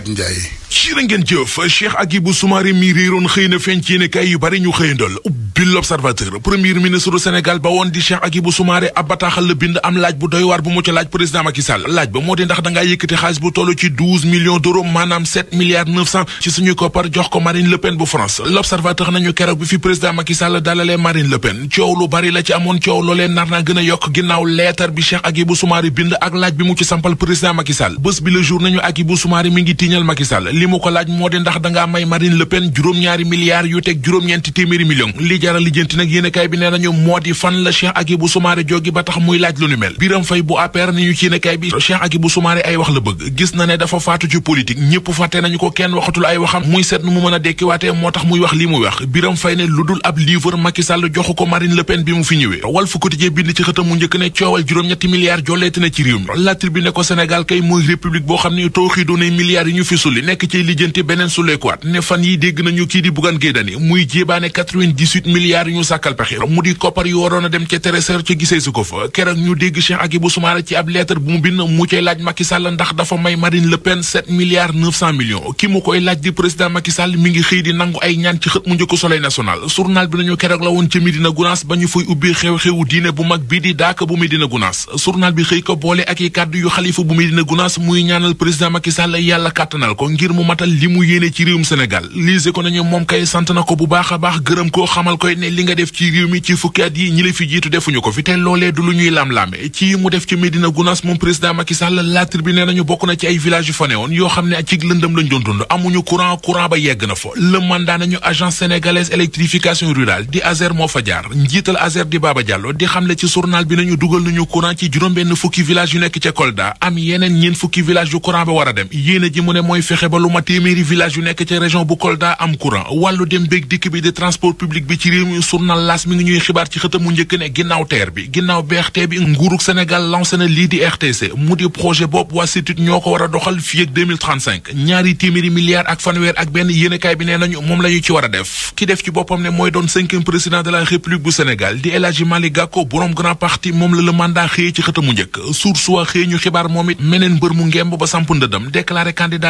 Abdoulaye Ndiaye ci ngeen jëf Cheikh Agibou Soumaré mi réeroon xëy na feeñ ci yéene kay yu bari ñu xëyandal ubbi l'observateur premier ministre du Sénégal ba woon di Cheikh Agibou Soumaré ab bataaxal la bind am laaj bu doy waar bu mu ca laaj président Macky Sall laaj ba moo di ndax dangaa yëkkati xaalis bu toll ci 12 millions d'euros maanaam 7 milliards 900 ci suñuy koppar jox ko Marine Le Pen bu France l'observateur nañu keroog bi fi président Macky Sall dalalee Marine Le Pen coow lu bari la ci amoon coow loolee nar naa gën a yokk ginnaaw leetar bi Cheikh Agibou Soumaré bind ak laaj bi mu ci sampal président Macky Sall bés bi le jour nañu Agibou Soumaré mi ngi jiiñal Macky Sall li mu ko laaj moo di ndax dangaa may Marine Le Pen juróom-ñaari milliards yu teg juróom-ñeenti téeméeri millions li jaral lijjanti nag yéenekaay bi nee nañu moo di fan la Cheikh Agibou Soumaré jógi ba tax muy laaj lu nu mel Biram Fay bu APR ni ci yéenekaay bi Cheikh Agibou Soumaré ay wax la bëgg gis na ne dafa faatu ci politique ñëpp fàtte nañu ko kenn waxatul ay waxam muy seet nu mu mën a dekkiwaatee moo tax muy wax li muy wax Biram Fay ne ñu fi nekk ci lijjanti beneen sulleekuwaat ne fan yi dégg nañu kii di Bougane Gueye muy jéebaane milliards yu ñu sàkkal pexe mu di koppar yu waroon a dem ca Trésor ca gisee su ko fa keroog ñu dégg Cheikh Agibou Soumaré ci ab lettre bu mu bind mu cay laaj Macky ndax dafa may Marine Le milliards millions ki mu koy laaj di président Macky Sall ngi xëy di nangu ay ñaan ci xët mu njëkk Soleil national journal bi nañu keroog la woon ca Medina i kàddu yu xalifa bu Medina Gounass muy ñaanal président Macky kàttanal ko ngir mu matal li mu yéene ci réewum Sénégal lise ko a baax gërëm koo xamal koy ne li nga def ci réew mi ci fukki at yi ñi la fi jiitu ko fi te loolee du lu ñuy lam-laame ci mu def ci Médina Gounass moom président Macky Sall la tribune nee nañu na ay village yu fa yoo xam ne ak ci lëndëm lañ doon ba yegg na fa le mandat nañu agence sénégalaise électrification rurale di moo fa jaar njiital ASER di Baba Diallo di xamle ci journal bi nañu dugal nañu courant ci juróom benn fukki village yu nekk ca Kolda am yeneen ñeen fukki village yu courant ba war a dem yéene ji mu ne ne mooy fexe ba lu ma téeméeri village yu nekk ci région bu Kolda am courant wàllu dem béeg dikk bi di transport public bi ci réew mi journal L'As mi ngi ñuy xibaar ci xëtamu njëkk ne ginnaaw teer bi ginnaaw BRT bi nguurug Sénégal lancé na lii di RTC mu di projet boobu waa CETUD ñoo ko war a doxal fii ak 2035 ñaari téeméeri milliards ak fanweer ak benn yéenekaay bi nee nañu moom la ñu ci war a def ki def ci boppam ne mooy doon cinquième président de la République bu Sénégal di El Hadji Malick Gakou borom grand moom la le mandat xëyee ci xëtamu njëkk source waa xëy ñu xibaar moom it meneen mbër mu ngemb ba samp ndëdam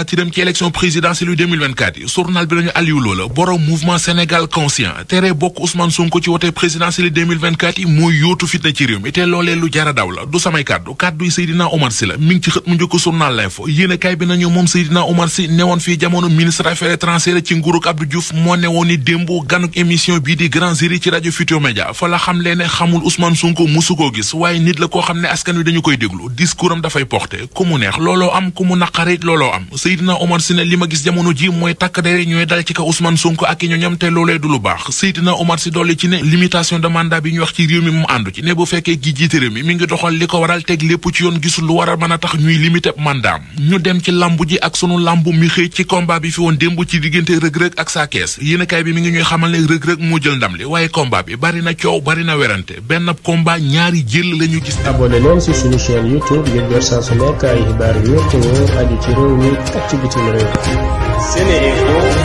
candidature am ci élection présidentielle yu 2024 yi journal bi lañu Aliou Lô la borom mouvement Sénégal conscient tere bokk Ousmane Sonko ci wote présidentielle yi 2024 yi mooy yóotu fitna ci réew mi te loolee jara daw la du samay kàddu kàddu yi Seydina Omar Sy la mi ci xët mu njëkk journal L'Info yéen a kaay bi nañu moom Seydina Omar Sy newoon fii jamono ministre affaires étrangères ci nguurug Abdou Diouf moo newoon ni démb ganuk émission bii di Grand Jury ci rajo Futurs Médias fa la xam lee ne xamul Ousmane Sonko musu koo gis waaye nit la koo xam ne askan wi dañu koy déglu discours am dafay porté ku mu neex looloo am ku mu naqarit looloo am Seydina Omar Sy ne li ma gis jamono ji mooy takk dere ñooy dal ci kaw Ousmane Sonko ak ñoñam te loolee du lu baax Seydina Omar Sy dolli ci ne limitation de mandat bi ñu wax ci réew mi mu àndu ci ne bu fekkee gi jiite réew mi mi ngi doxal li ko waral teg lépp ci yoon gisul lu war a mën a tax ñuy limité mandaam ñu dem ci lambu ji ak sunu lambu mi xëy ci combat bi fi woon démb ci diggante rëg-rëg ak saa kees yéenekaay bi mi ngi ñuy xamal ne rëg-rëg moo ndam li waaye combat bi bari na coow bari na werante benn combat ñaari jël la ñu gis abonné leen ci suñu chaîne YouTube ngir jot ak ci bitim réew